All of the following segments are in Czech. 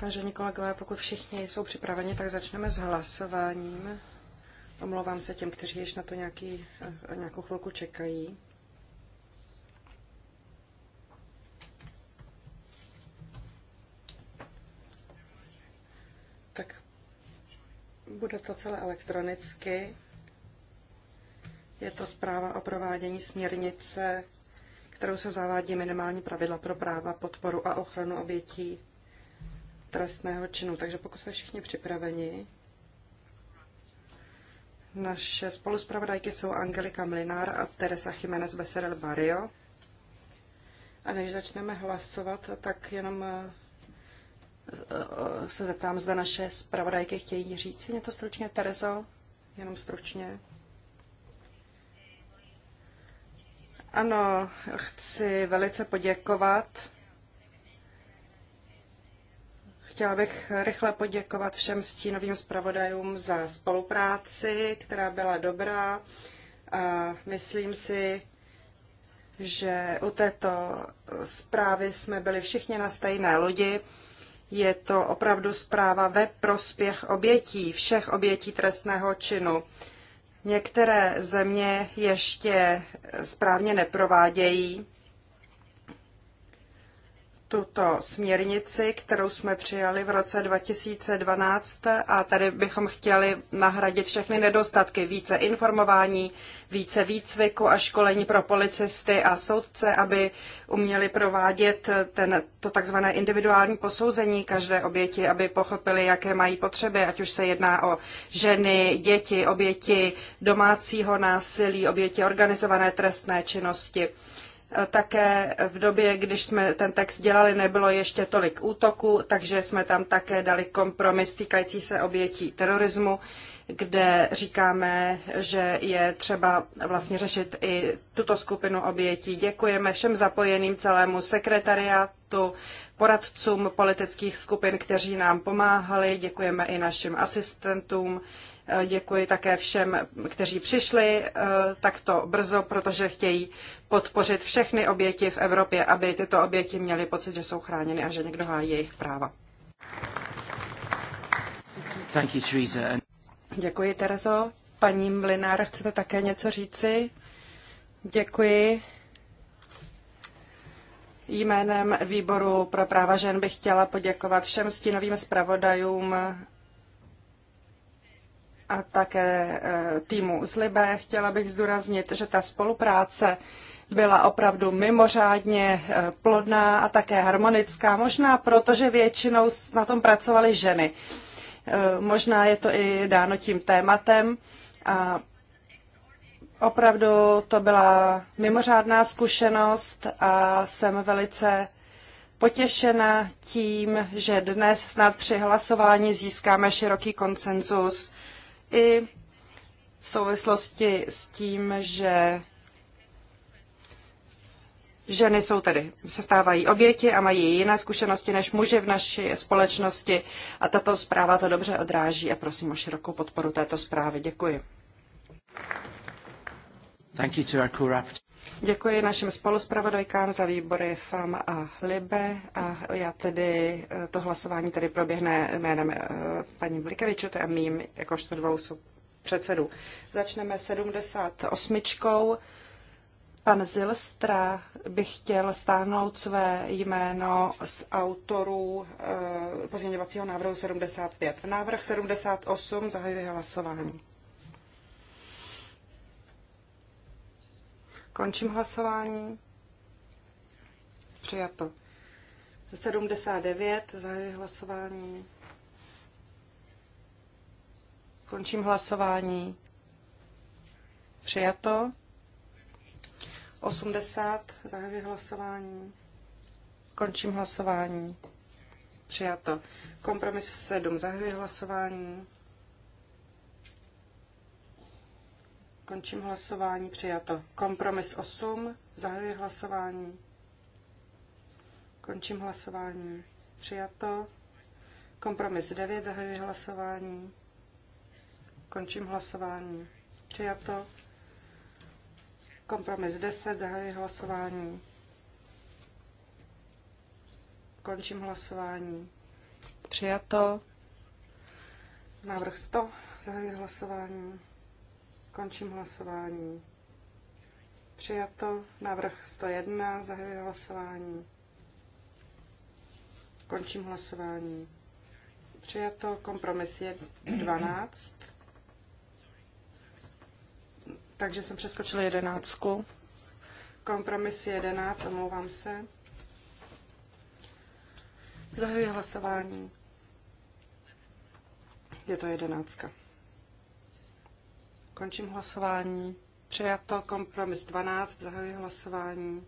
Vážení kolegové, pokud všichni jsou připraveni, tak začneme s hlasováním. Omlouvám se těm, kteří ještě na to nějaký, eh, nějakou chvilku čekají. Tak bude to celé elektronicky. Je to zpráva o provádění směrnice kterou se zavádí minimální pravidla pro práva, podporu a ochranu obětí trestného činu. Takže pokud jsme všichni připraveni, naše spoluspravodajky jsou Angelika Mlinár a Teresa Jiménez Becerel Barrio. A než začneme hlasovat, tak jenom eh, eh, se zeptám, zda naše zpravodajky chtějí říct něco stručně. Terezo, jenom stručně. Ano, chci velice poděkovat. Chtěla bych rychle poděkovat všem stínovým zpravodajům za spolupráci, která byla dobrá. A myslím si, že u této zprávy jsme byli všichni na stejné lodi. Je to opravdu zpráva ve prospěch obětí, všech obětí trestného činu. Některé země ještě správně neprovádějí tuto směrnici, kterou jsme přijali v roce 2012 a tady bychom chtěli nahradit všechny nedostatky, více informování, více výcviku a školení pro policisty a soudce, aby uměli provádět ten, to takzvané individuální posouzení každé oběti, aby pochopili, jaké mají potřeby, ať už se jedná o ženy, děti, oběti domácího násilí, oběti organizované trestné činnosti. Eh, také v době, když jsme ten text dělali, nebylo ještě tolik útoků, takže jsme tam také dali kompromis týkající se obětí terorismu, kde říkáme, že je třeba vlastně řešit i tuto skupinu obětí. Děkujeme všem zapojeným, celému sekretariátu, poradcům politických skupin, kteří nám pomáhali. Děkujeme i našim asistentům Děkuji také všem, kteří přišli eh, takto brzo, protože chtějí podpořit všechny oběti v Evropě, aby tyto oběti měly pocit, že jsou chráněny a že někdo hájí jejich práva. Thank you, Teresa. Děkuji, Terezo. Paní Mlinár, chcete také něco říci? Děkuji. Jménem výboru pro práva žen bych chtěla poděkovat všem stínovým zpravodajům a také e, týmu z Libé. Chtěla bych zdůraznit, že ta spolupráce byla opravdu mimořádně e, plodná a také harmonická, možná proto, že většinou na tom pracovaly ženy. E, možná je to i dáno tím tématem a opravdu to byla mimořádná zkušenost a jsem velice potěšena tím, že dnes snad při hlasování získáme široký konsenzus i v souvislosti s tím, že ženy jsou tedy, se stávají oběti a mají jiné zkušenosti než muži v naší společnosti a tato zpráva to dobře odráží a prosím o širokou podporu této zprávy. Děkuji. Thank you to our co Děkuji našim spoluspravodajkám za výbory FAM a LIBE a já tedy eh, to hlasování tedy proběhne jménem eh, paní to a mým jakožto dvou předsedů. Začneme 78. Pan Zilstra by chtěl stáhnout své jméno z autorů eh, pozměňovacího návrhu 75. Návrh 78 zahajuje hlasování. Končím hlasování. Přijato. 79, zahajuji hlasování. Končím hlasování. Přijato. 80, zahajuji hlasování. Končím hlasování. Přijato. Kompromis 7, zahajuji hlasování. Končím hlasování. Přijato. Kompromis 8. Zahajuji hlasování. Končím hlasování. Přijato. Kompromis 9. Zahajuji hlasování. Končím hlasování. Přijato. Kompromis 10. Zahajuji hlasování. Končím hlasování. Přijato. Návrh 100. Zahajuji hlasování. Končím hlasování. Přijato. Návrh 101. Zahajuji hlasování. Končím hlasování. Přijato. Kompromis je 12. Takže jsem přeskočila jedenáctku. Kompromis je 11, omlouvám se. Zahajuji hlasování. Je to jedenáctka. Končím hlasování. Přijato kompromis 12, zahajuji hlasování.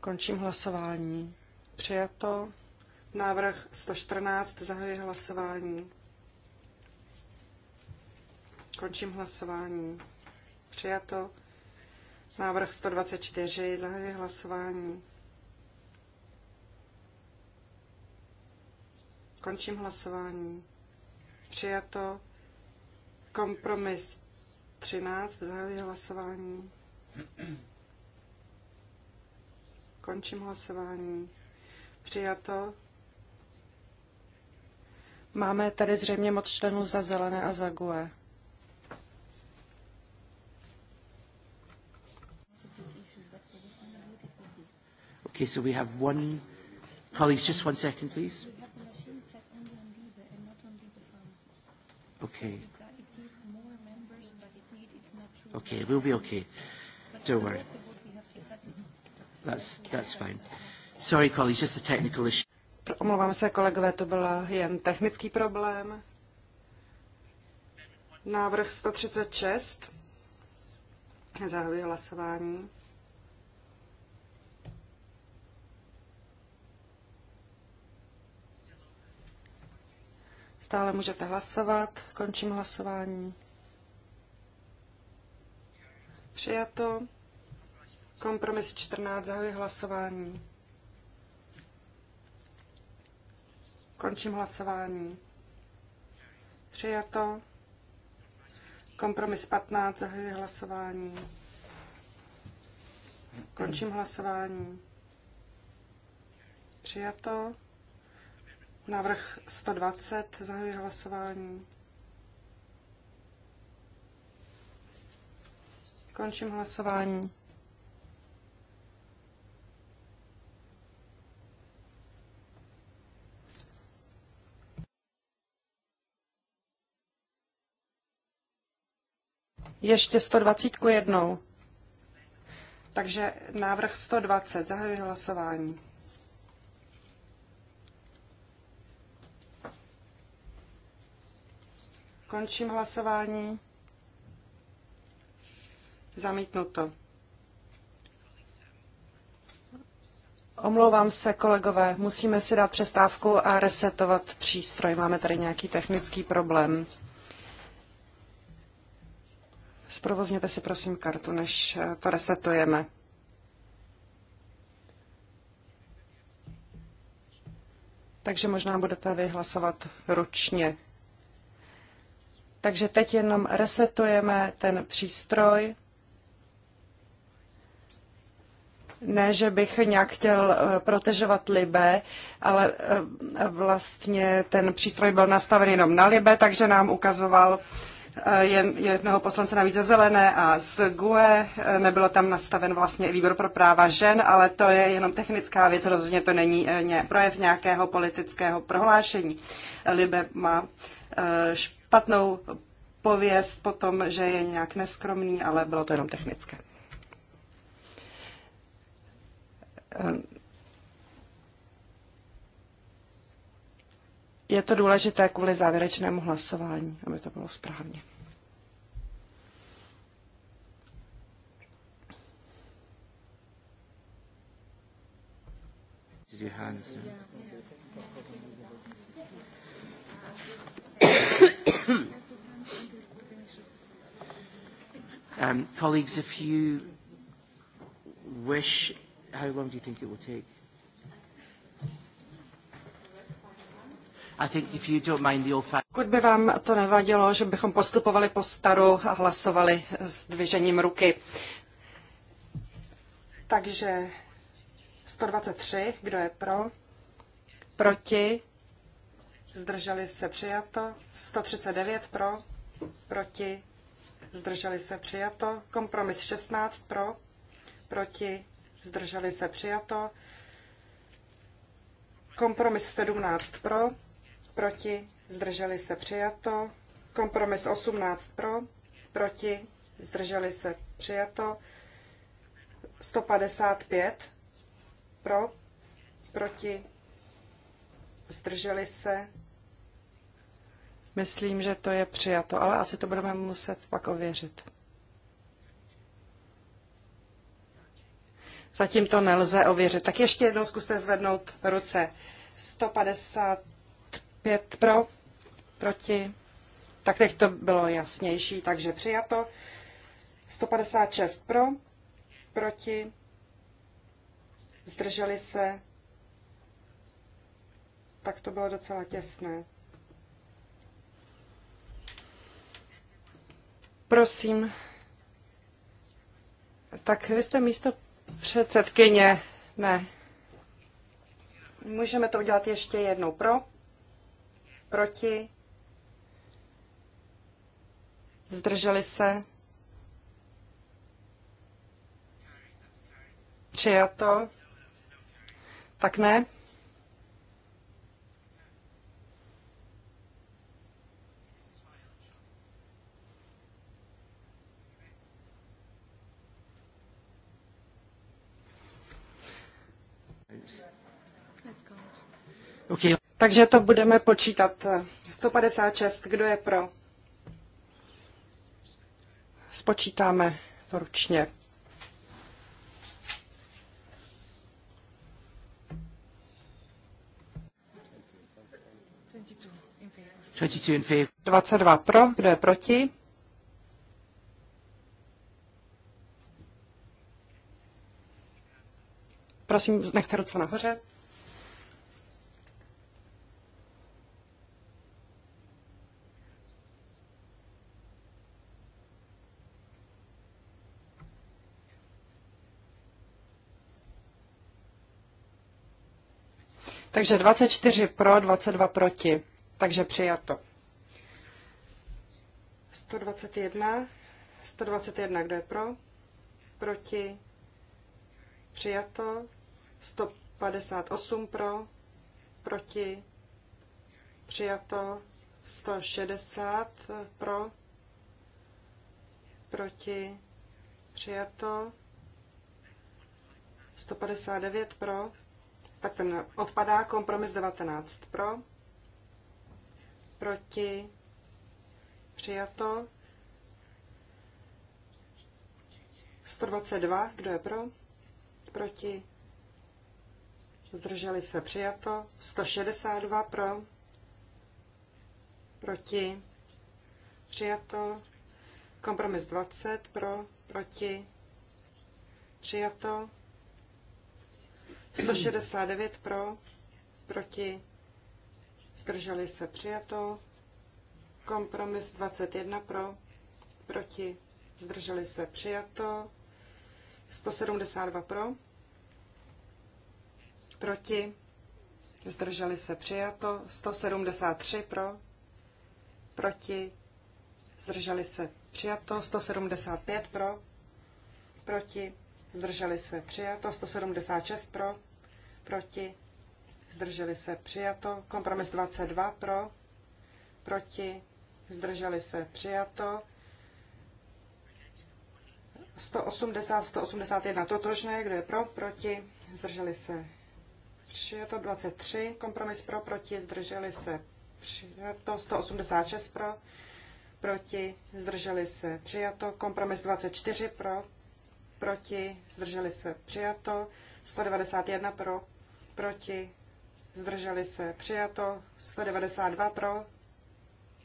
Končím hlasování. Přijato. Návrh 114, zahajuji hlasování. Končím hlasování. Přijato. Návrh 124, zahajuji hlasování. Končím hlasování přijato. Kompromis 13, zahajuji hlasování. Končím hlasování. Přijato. Máme tady zřejmě moc členů za zelené a za GUE. Okay, so we have one. Colleagues, just one second, please. Okay. Uh, okay, we'll be okay. Don't worry. Mm-hmm. That's, that's fine. Sorry, colleagues, just a technical issue. Omlouvám se, kolegové, to byl jen technický problém. Návrh 136. Zahajuji hlasování. stále můžete hlasovat. Končím hlasování. Přijato. Kompromis 14. Zahajuji hlasování. Končím hlasování. Přijato. Kompromis 15. Zahajuji hlasování. Končím hlasování. Přijato. Návrh 120, zahajuji hlasování. Končím hlasování. Ještě 120 jednou. Takže návrh 120, zahajuji hlasování. Končím hlasování. Zamítnuto. Omlouvám se, kolegové, musíme si dát přestávku a resetovat přístroj. Máme tady nějaký technický problém. Zprovozněte si prosím kartu, než eh, to resetujeme. Takže možná budete vyhlasovat ručně. Takže teď jenom resetujeme ten přístroj. Ne, že bych nějak chtěl eh, protežovat Libe, ale eh, vlastně ten přístroj byl nastaven jenom na Libe, takže nám ukazoval Eh, je jednoho poslance navíc ze Zelené a z GUE. Eh, nebylo tam nastaven vlastně i výbor pro práva žen, ale to je jenom technická věc, rozhodně to není eh, projev nějakého politického prohlášení. Libe má špatnou pověst po tom, že je nějak neskromný, ale bylo to jenom technické. Je to důležité kvůli závěrečnému hlasování, aby to bylo správně. um, colleagues, if you wish, how long do you think it will take? Pokud by vám to nevadilo, že bychom postupovali po staru a hlasovali s dvižením ruky. Takže 123, kdo je pro? Proti? Zdrželi se přijato. 139 pro? Proti? Zdrželi se přijato. Kompromis 16 pro? Proti? Zdrželi se přijato. Kompromis 17 pro? proti, zdrželi se přijato. Kompromis 18 pro, proti, zdrželi se přijato. 155 pro, proti, zdrželi se. Myslím, že to je přijato, ale asi to budeme muset pak ověřit. Zatím to nelze ověřit. Tak ještě jednou zkuste zvednout ruce. 150, Pět pro, proti. Tak teď to bylo jasnější, takže přijato. 156 pro, proti, zdrželi se. Tak to bylo docela těsné. Prosím. Tak vy jste místo předsedkyně. Ne. Můžeme to udělat ještě jednou pro Proti? Zdrželi se? Přijato? Tak ne? Okay. Takže to budeme počítat. 156, kdo je pro? Spočítáme to ručně. Dvacet dva pro, kdo je proti? Prosím, nechte ruce nahoře. Takže 24 pro, 22 proti. Takže přijato. 121. 121, kdo je pro? Proti. Přijato. 158 pro. Proti. Přijato. 160 pro. Proti. Přijato. 159 pro tak ten odpadá. Kompromis 19 pro, proti, přijato. 122, kdo je pro, proti, zdrželi se, přijato. 162 pro, proti, přijato. Kompromis 20 pro, proti, přijato. 169 pro, proti, zdrželi se přijato. Kompromis 21 pro, proti, zdrželi se přijato. 172 pro, proti, zdrželi se přijato. 173 pro, proti, zdrželi se přijato. 175 pro, proti, zdrželi se přijato, 176 pro, proti, zdrželi se přijato, kompromis 22 pro, proti, zdrželi se přijato, 180, 181 totožné, kdo je pro, proti, zdrželi se přijato, 23, kompromis pro, proti, zdrželi se přijato, 186 pro, proti, zdrželi se přijato, kompromis 24 pro, proti, zdrželi se, přijato. 191 pro, proti, zdrželi se, přijato. 192 pro,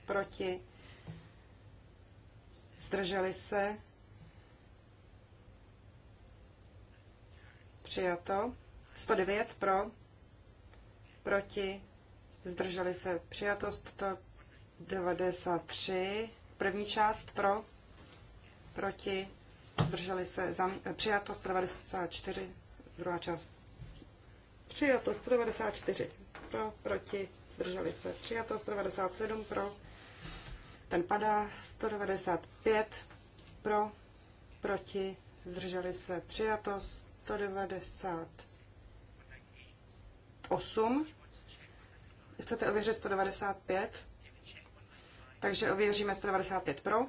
proti, zdrželi se, přijato. 109 pro, proti, zdrželi se, přijato. 193, první část pro, proti, zdrželi se, zam, přijato 194, druhá část. Přijato 194 pro, proti, zdrželi se, přijato 197 pro, ten padá 195 pro, proti, zdrželi se, přijato 198. Chcete ověřit 195? Takže ověříme 195 pro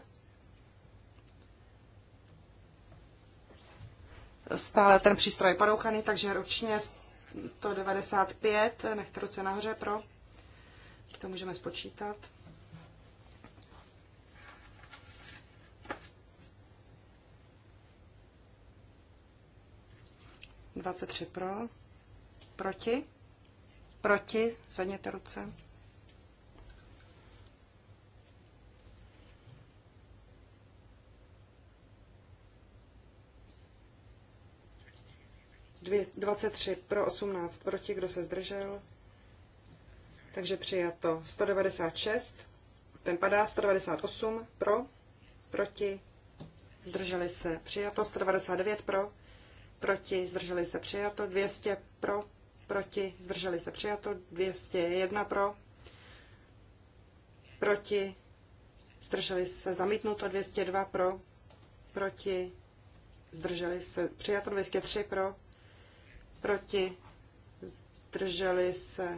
stále ten přístroj porouchaný, takže ručně 195, nechte ruce nahoře pro, to můžeme spočítat. Dvacet tři pro, proti, proti, zvedněte ruce. 23 pro, 18 proti, kdo se zdržel. Takže přijato 196, ten padá 198 pro, proti, zdrželi se přijato 199 pro, proti, zdrželi se přijato 200 pro, proti, zdrželi se přijato 201 pro, proti, zdrželi se zamítnuto 202 pro, proti, zdrželi se přijato 203 pro, proti, zdrželi se.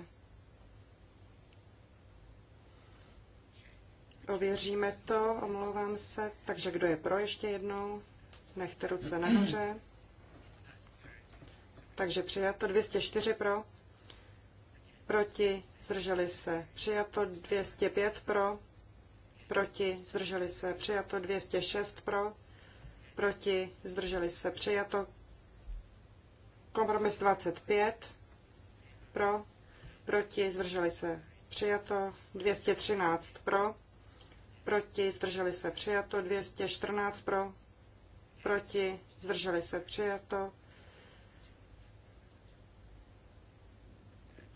Ověříme to, omlouvám se. Takže kdo je pro ještě jednou? Nechte ruce nahoře. Takže přijato 204 pro, proti, zdrželi se. Přijato 205 pro, proti, zdrželi se. Přijato 206 pro, proti, zdrželi se. Přijato Kompromis 25 pro, proti, zdrželi se přijato 213 pro, proti, zdrželi se přijato 214 pro, proti, zdrželi se přijato.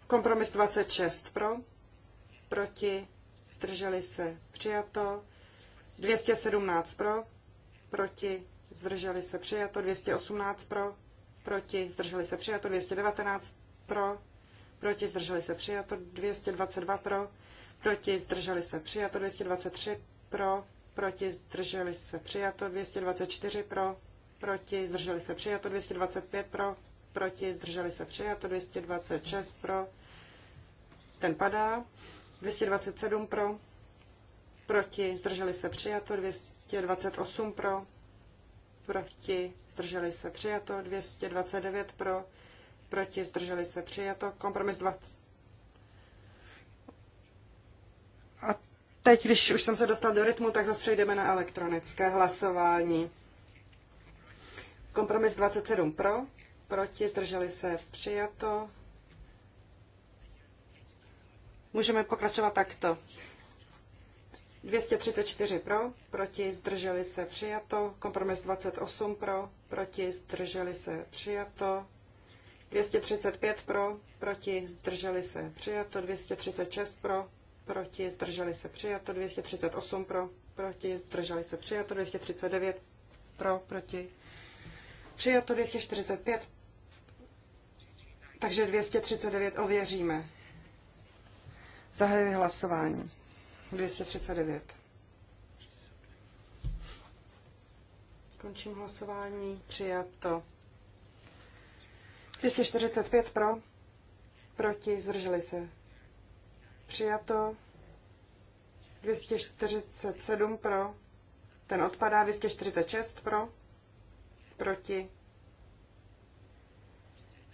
Kompromis 26 pro, proti, zdrželi se přijato 217 pro, proti, zdrželi se přijato 218 pro, proti, zdrželi se přijato 219 pro, proti, zdrželi se přijato 222 pro, proti, zdrželi se přijato 223 pro, proti, zdrželi se přijato 224 pro, proti, zdrželi se přijato 225 pro, proti, zdrželi se přijato 226 pro, ten padá, 227 pro, proti, zdrželi se přijato 228 pro, proti, zdrželi se přijato, 229 pro, proti, zdrželi se přijato, kompromis 20. A teď, když už jsem se dostal do rytmu, tak zase přejdeme na elektronické hlasování. Kompromis 27 pro, proti, zdrželi se přijato. Můžeme pokračovat takto. 234 pro, proti zdrželi se přijato, kompromis 28 pro, proti zdrželi se přijato, 235 pro, proti zdrželi se přijato, 236 pro, proti zdrželi se přijato, 238 pro, proti zdrželi se přijato, 239 pro, proti přijato, 245, takže 239 ověříme. Zahajuji hlasování. 239. Končím hlasování. Přijato. 245 pro. Proti. Zdrželi se. Přijato. 247 pro. Ten odpadá. 246 pro. Proti.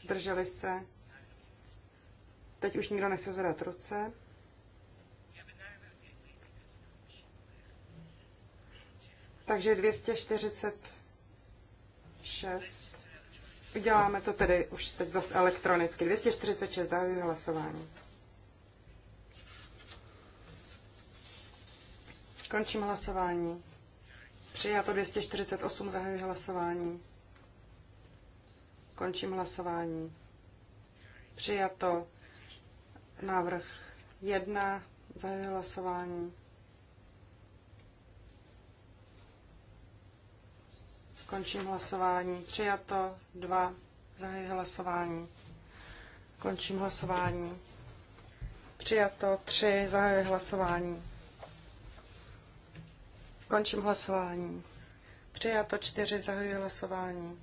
Zdrželi se. Teď už nikdo nechce zvedat ruce. Takže 246. Uděláme to tedy už teď zase elektronicky. 246 zahajuji hlasování. Končím hlasování. Přijato 248 zahajuji hlasování. Končím hlasování. Přijato návrh 1 zahajuji hlasování. Končím hlasování. Přijato. Dva. Zahajuji hlasování. Končím hlasování. Přijato. Tři. Zahajuji hlasování. Končím hlasování. Přijato. Čtyři. Zahajuji hlasování.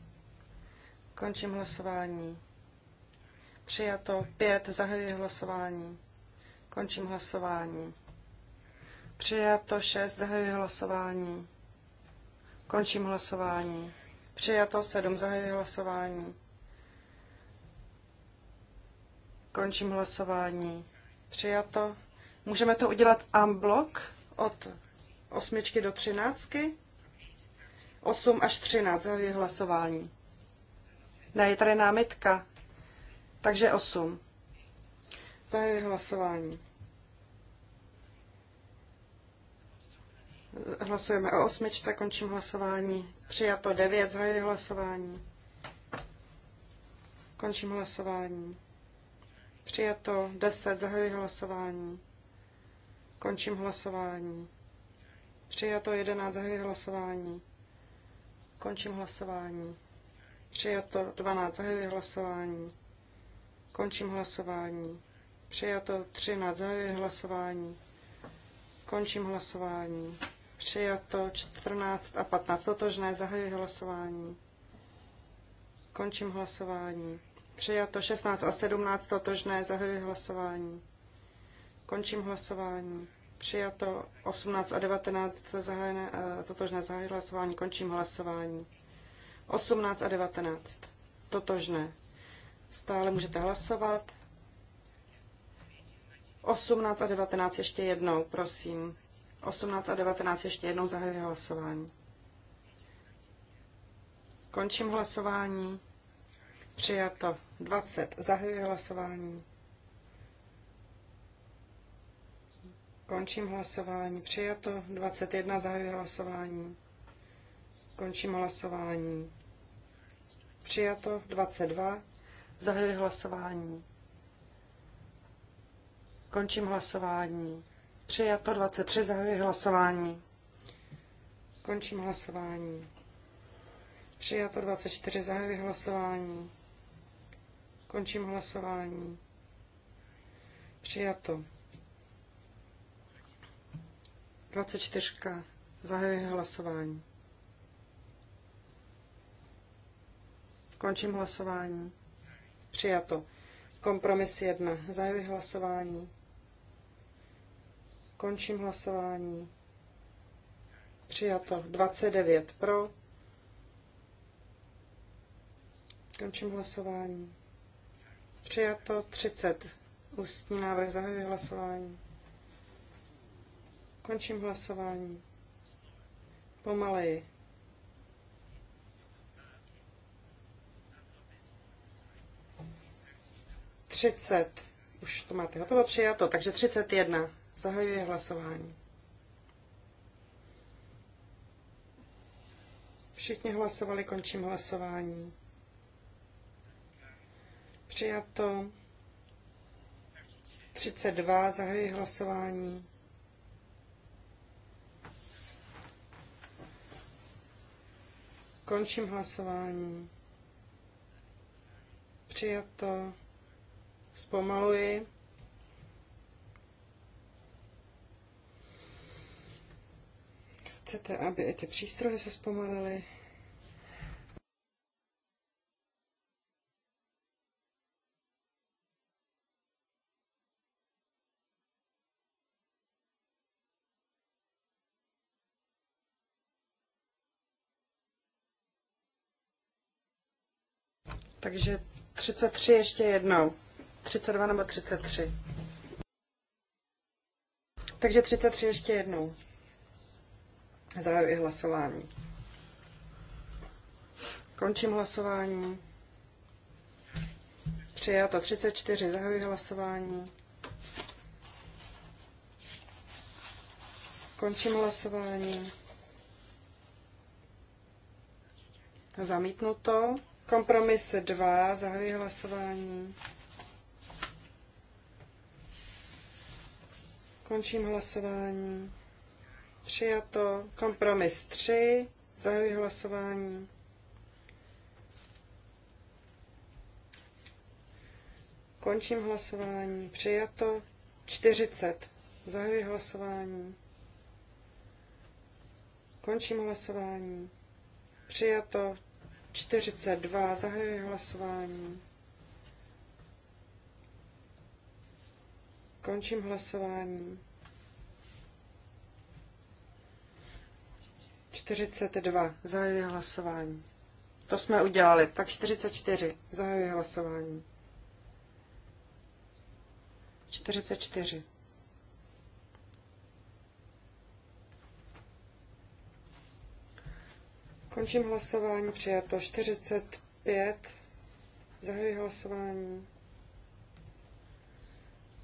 Končím hlasování. Přijato. Pět. Zahajuji hlasování. Končím hlasování. Přijato. Šest. Zahajuji hlasování. Končím hlasování. Přijato sedm Zahajuji hlasování. Končím hlasování. Přijato. Můžeme to udělat unblock od osmičky do třináctky. Osm až třináct, zahajuji hlasování. Ne, je tady námitka. Takže osm. Zahajuji hlasování. Hlasujeme o osmičce, končím hlasování. Přijato devět, zahajuji hlasování. Končím hlasování. Přijato deset, zahajuji hlasování. Končím hlasování. Přijato jedenáct, zahajuji hlasování. Končím hlasování. Přijato dvanáct, zahajuji hlasování. Končím hlasování. Přijato 13, zahajuji hlasování. Končím hlasování. Přijato 14 a 15. Totožné. Zahajuji hlasování. Končím hlasování. Přijato 16 a 17. Totožné. Zahajuji hlasování. Končím hlasování. Přijato 18 a 19. Zahajené, eh, totožné. Zahajuji hlasování. Končím hlasování. 18 a 19. Totožné. Stále můžete hlasovat. 18 a 19 ještě jednou, prosím. 18 a 19 ještě jednou zahajuji hlasování. Končím hlasování. Přijato 20. Zahajuji hlasování. Končím hlasování. Přijato 21. Zahajuji hlasování. Končím hlasování. Přijato 22. Zahajuji hlasování. Končím hlasování. Přijato 23, zahajuji hlasování. Končím hlasování. Přijato 24, zahajuji hlasování. Končím hlasování. Přijato. 24. Zahajuji hlasování. Končím hlasování. Přijato. Kompromis 1. Zahajuji hlasování. Končím hlasování. Přijato 29 pro. Končím hlasování. Přijato 30. Ústní návrh zahajuje hlasování. Končím hlasování. Pomaleji. Třicet. Už to máte hotovo přijato, takže třicet jedna. Zahajuji hlasování. Všichni hlasovali, končím hlasování. Přijato 32, zahajuji hlasování. Končím hlasování. Přijato. Zpomaluji. Chcete, aby i ty přístroje se zpomalily? Takže 33 ještě jednou. 32 nebo 33. Takže 33 ještě jednou. Zahajuji hlasování. Končím hlasování. Přijato 34. Zahajuji hlasování. Končím hlasování. Zamítnuto. Kompromis 2. Zahajuji hlasování. Končím hlasování. Přijato. Kompromis 3. Zahajuji hlasování. Končím hlasování. Přijato. 40. Zahajuji hlasování. Končím hlasování. Přijato. 42. Zahajuji hlasování. Končím hlasování. 42. Zahajuji hlasování. To jsme udělali. Tak 44. Zahajuji hlasování. 44. Končím hlasování. Přijato 45. Zahajuji hlasování.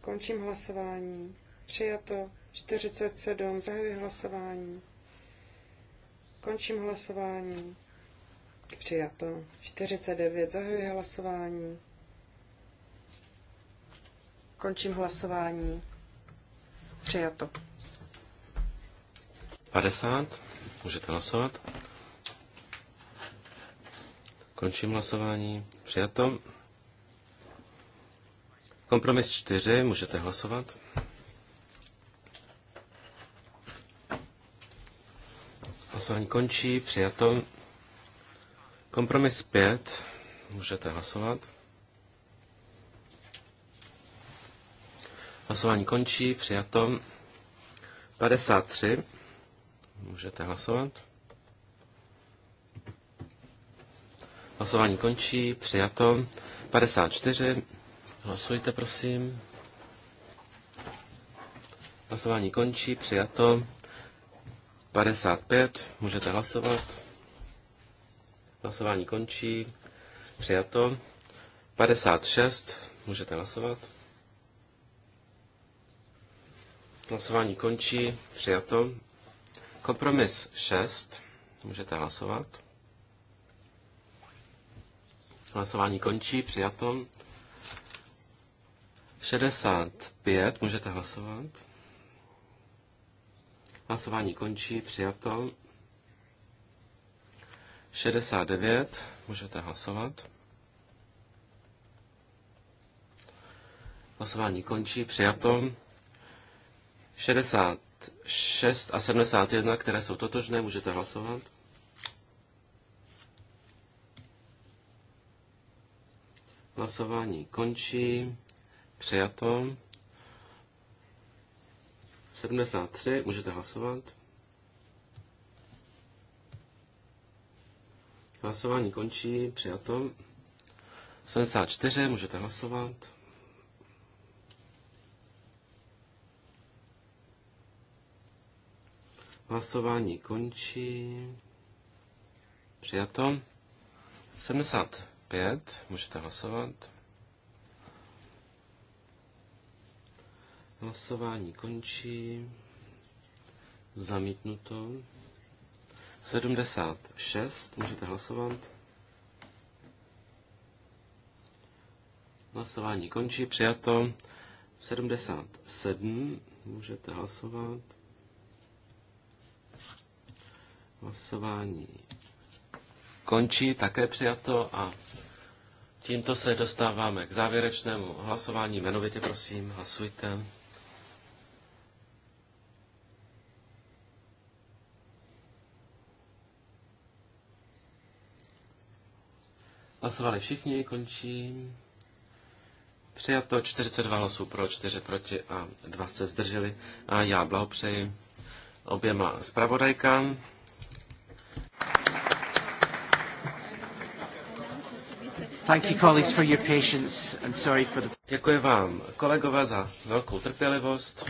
Končím hlasování. Přijato 47. Zahajuji hlasování. Končím hlasování. Přijato. 49. Zahajuji hlasování. Končím hlasování. Přijato. 50. Můžete hlasovat. Končím hlasování. Přijato. Kompromis 4. Můžete hlasovat. Hlasování končí, přijato. Kompromis 5. Můžete hlasovat. Hlasování končí, přijato. 53. Můžete hlasovat. Hlasování končí, přijato. 54. Hlasujte, prosím. Hlasování končí, přijato. 55, můžete hlasovat. Hlasování končí. Přijato. 56, můžete hlasovat. Hlasování končí. Přijato. Kompromis 6, můžete hlasovat. Hlasování končí. Přijato. 65, můžete hlasovat. Hlasování končí, přijato. 69, můžete hlasovat. Hlasování končí, přijato. 66 a 71, které jsou totožné, můžete hlasovat. Hlasování končí, přijato. 73, můžete hlasovat. Hlasování končí, přijato. 74, můžete hlasovat. Hlasování končí. Přijato. 75, můžete hlasovat. Hlasování končí. Zamítnuto. 76. Můžete hlasovat. Hlasování končí. Přijato. 77. Můžete hlasovat. Hlasování končí. Také přijato. A tímto se dostáváme k závěrečnému hlasování. Jmenovitě prosím, hlasujte. Hlasovali všichni, končím. Přijato 42 hlasů pro, 4 proti a 2 se zdrželi. A já blahopřeji oběma zpravodajkám. Thank you, colleagues, for your patience and sorry for the... Děkuji vám, kolegové, za velkou trpělivost.